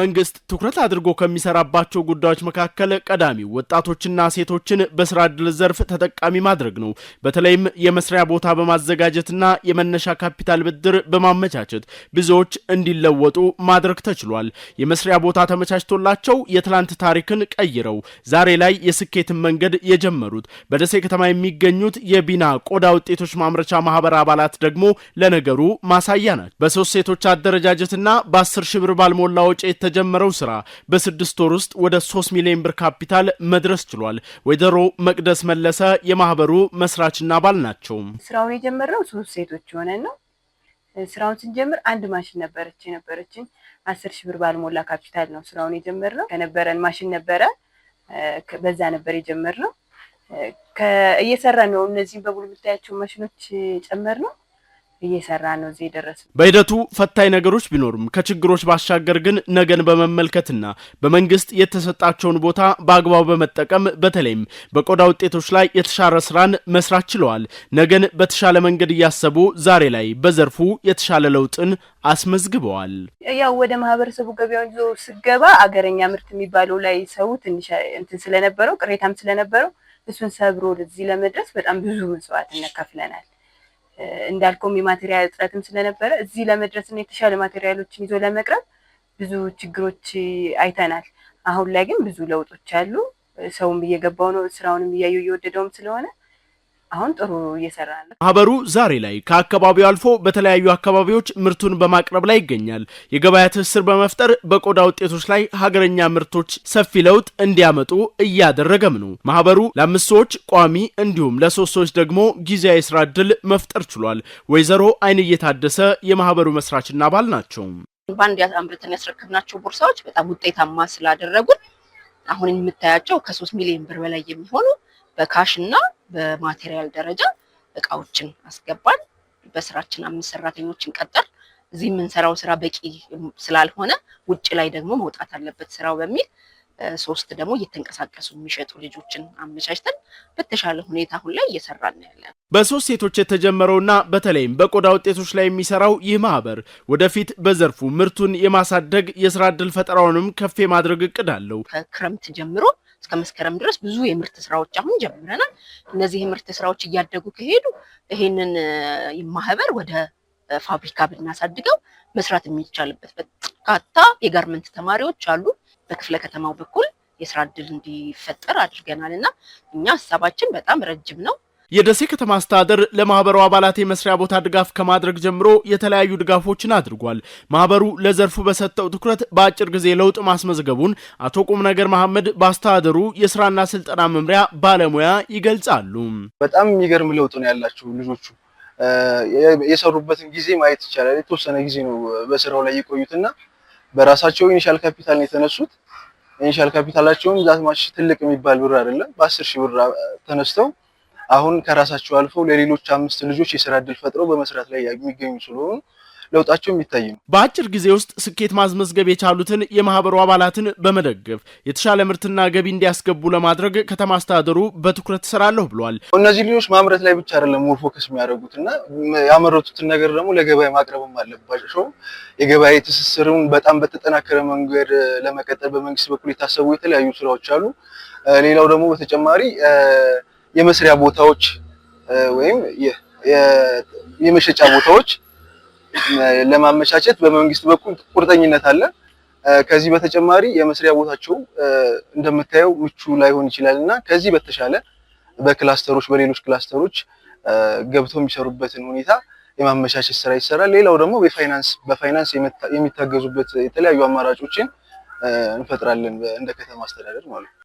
መንግስት ትኩረት አድርጎ ከሚሰራባቸው ጉዳዮች መካከል ቀዳሚው ወጣቶችና ሴቶችን በስራ ዕድል ዘርፍ ተጠቃሚ ማድረግ ነው። በተለይም የመስሪያ ቦታ በማዘጋጀትና የመነሻ ካፒታል ብድር በማመቻቸት ብዙዎች እንዲለወጡ ማድረግ ተችሏል። የመስሪያ ቦታ ተመቻችቶላቸው የትላንት ታሪክን ቀይረው ዛሬ ላይ የስኬትን መንገድ የጀመሩት በደሴ ከተማ የሚገኙት የቢና ቆዳ ውጤቶች ማምረቻ ማህበር አባላት ደግሞ ለነገሩ ማሳያ ናቸው። በሶስት ሴቶች አደረጃጀትና በአስር ሺህ ብር ባልሞላ ወጪ የተጀመረው ስራ በስድስት ወር ውስጥ ወደ ሶስት ሚሊዮን ብር ካፒታል መድረስ ችሏል። ወይዘሮ መቅደስ መለሰ የማህበሩ መስራችና አባል ናቸው። ስራውን የጀመረው ሶስት ሴቶች ሆነን ነው። ስራውን ስንጀምር አንድ ማሽን ነበረች። የነበረችን አስር ሺህ ብር ባልሞላ ካፒታል ነው ስራውን የጀመርነው። ከነበረን ማሽን ነበረ፣ በዛ ነበር የጀመርነው። እየሰራን ነው። እነዚህም በሙሉ የምታያቸው ማሽኖች ጨመር ነው እየሰራ ነው እዚህ ደረስ። በሂደቱ ፈታኝ ነገሮች ቢኖሩም ከችግሮች ባሻገር ግን ነገን በመመልከትና በመንግስት የተሰጣቸውን ቦታ በአግባቡ በመጠቀም በተለይም በቆዳ ውጤቶች ላይ የተሻረ ስራን መስራት ችለዋል። ነገን በተሻለ መንገድ እያሰቡ ዛሬ ላይ በዘርፉ የተሻለ ለውጥን አስመዝግበዋል። ያው ወደ ማህበረሰቡ ገበያውን ይዞ ስገባ አገረኛ ምርት የሚባለው ላይ ሰው ትንሽ እንትን ስለነበረው ቅሬታም ስለነበረው እሱን ሰብሮ እዚህ ለመድረስ በጣም ብዙ መስዋዕትነት ከፍለናል። እንዳልከውም የማቴሪያል እጥረትም ስለነበረ እዚህ ለመድረስና የተሻለ ማቴሪያሎችን ይዞ ለመቅረብ ብዙ ችግሮች አይተናል። አሁን ላይ ግን ብዙ ለውጦች አሉ። ሰውም እየገባው ነው፣ ስራውንም እያየው እየወደደውም ስለሆነ አሁን ጥሩ እየሰራ ነው። ማህበሩ ዛሬ ላይ ከአካባቢው አልፎ በተለያዩ አካባቢዎች ምርቱን በማቅረብ ላይ ይገኛል። የገበያ ትስስር በመፍጠር በቆዳ ውጤቶች ላይ ሀገረኛ ምርቶች ሰፊ ለውጥ እንዲያመጡ እያደረገም ነው። ማህበሩ ለአምስት ሰዎች ቋሚ እንዲሁም ለሶስት ሰዎች ደግሞ ጊዜያዊ የስራ እድል መፍጠር ችሏል። ወይዘሮ አይን እየታደሰ የማህበሩ መስራችና አባል ናቸው። በአንድ አምርተን ያስረከብናቸው ቦርሳዎች በጣም ውጤታማ ስላደረጉን አሁን የምታያቸው ከሶስት ሚሊዮን ብር በላይ የሚሆኑ በካሽ እና በማቴሪያል ደረጃ እቃዎችን አስገባን። በስራችን አምስት ሰራተኞችን ቀጠር። እዚህ የምንሰራው ስራ በቂ ስላልሆነ ውጭ ላይ ደግሞ መውጣት አለበት ስራው በሚል ሶስት ደግሞ እየተንቀሳቀሱ የሚሸጡ ልጆችን አመቻችተን በተሻለ ሁኔታ አሁን ላይ እየሰራን ነው ያለን። በሶስት ሴቶች የተጀመረውና በተለይም በቆዳ ውጤቶች ላይ የሚሰራው ይህ ማህበር ወደፊት በዘርፉ ምርቱን የማሳደግ የስራ እድል ፈጠራውንም ከፍ የማድረግ እቅድ አለው። ከክረምት ጀምሮ እስከ መስከረም ድረስ ብዙ የምርት ስራዎች አሁን ጀምረናል። እነዚህ የምርት ስራዎች እያደጉ ከሄዱ ይሄንን ማህበር ወደ ፋብሪካ ብናሳድገው መስራት የሚቻልበት በርካታ የጋርመንት ተማሪዎች አሉ። በክፍለ ከተማው በኩል የስራ እድል እንዲፈጠር አድርገናል እና እኛ ሀሳባችን በጣም ረጅም ነው። የደሴ ከተማ አስተዳደር ለማህበሩ አባላት የመስሪያ ቦታ ድጋፍ ከማድረግ ጀምሮ የተለያዩ ድጋፎችን አድርጓል። ማህበሩ ለዘርፉ በሰጠው ትኩረት በአጭር ጊዜ ለውጥ ማስመዝገቡን አቶ ቁም ነገር መሐመድ በአስተዳደሩ የስራና ስልጠና መምሪያ ባለሙያ ይገልጻሉ። በጣም የሚገርም ለውጥ ነው ያላቸው ልጆቹ የሰሩበትን ጊዜ ማየት ይቻላል። የተወሰነ ጊዜ ነው በስራው ላይ የቆዩትና በራሳቸው ኢኒሻል ካፒታል ነው የተነሱት። ኢኒሻል ካፒታላቸውም ዛትማች ትልቅ የሚባል ብር አይደለም። በአስር ሺህ ብር ተነስተው አሁን ከራሳቸው አልፈው ለሌሎች አምስት ልጆች የስራ እድል ፈጥረው በመስራት ላይ የሚገኙ ስለሆኑ ለውጣቸው የሚታይ ነው። በአጭር ጊዜ ውስጥ ስኬት ማስመዝገብ የቻሉትን የማህበሩ አባላትን በመደገፍ የተሻለ ምርትና ገቢ እንዲያስገቡ ለማድረግ ከተማ አስተዳደሩ በትኩረት እሰራለሁ ብሏል። እነዚህ ልጆች ማምረት ላይ ብቻ አይደለም ሞር ፎከስ የሚያደርጉት ያመረቱትን ነገር ደግሞ ለገበያ ማቅረብም አለባቸው። የገበያ ትስስርን በጣም በተጠናከረ መንገድ ለመቀጠል በመንግስት በኩል የታሰቡ የተለያዩ ስራዎች አሉ። ሌላው ደግሞ በተጨማሪ የመስሪያ ቦታዎች ወይም የመሸጫ ቦታዎች ለማመቻቸት በመንግስት በኩል ቁርጠኝነት አለ። ከዚህ በተጨማሪ የመስሪያ ቦታቸው እንደምታየው ምቹ ላይሆን ይችላል እና ከዚህ በተሻለ በክላስተሮች በሌሎች ክላስተሮች ገብተው የሚሰሩበትን ሁኔታ የማመቻቸት ስራ ይሰራል። ሌላው ደግሞ በፋይናንስ በፋይናንስ የሚታገዙበት የተለያዩ አማራጮችን እንፈጥራለን እንደ ከተማ አስተዳደር ማለት ነው።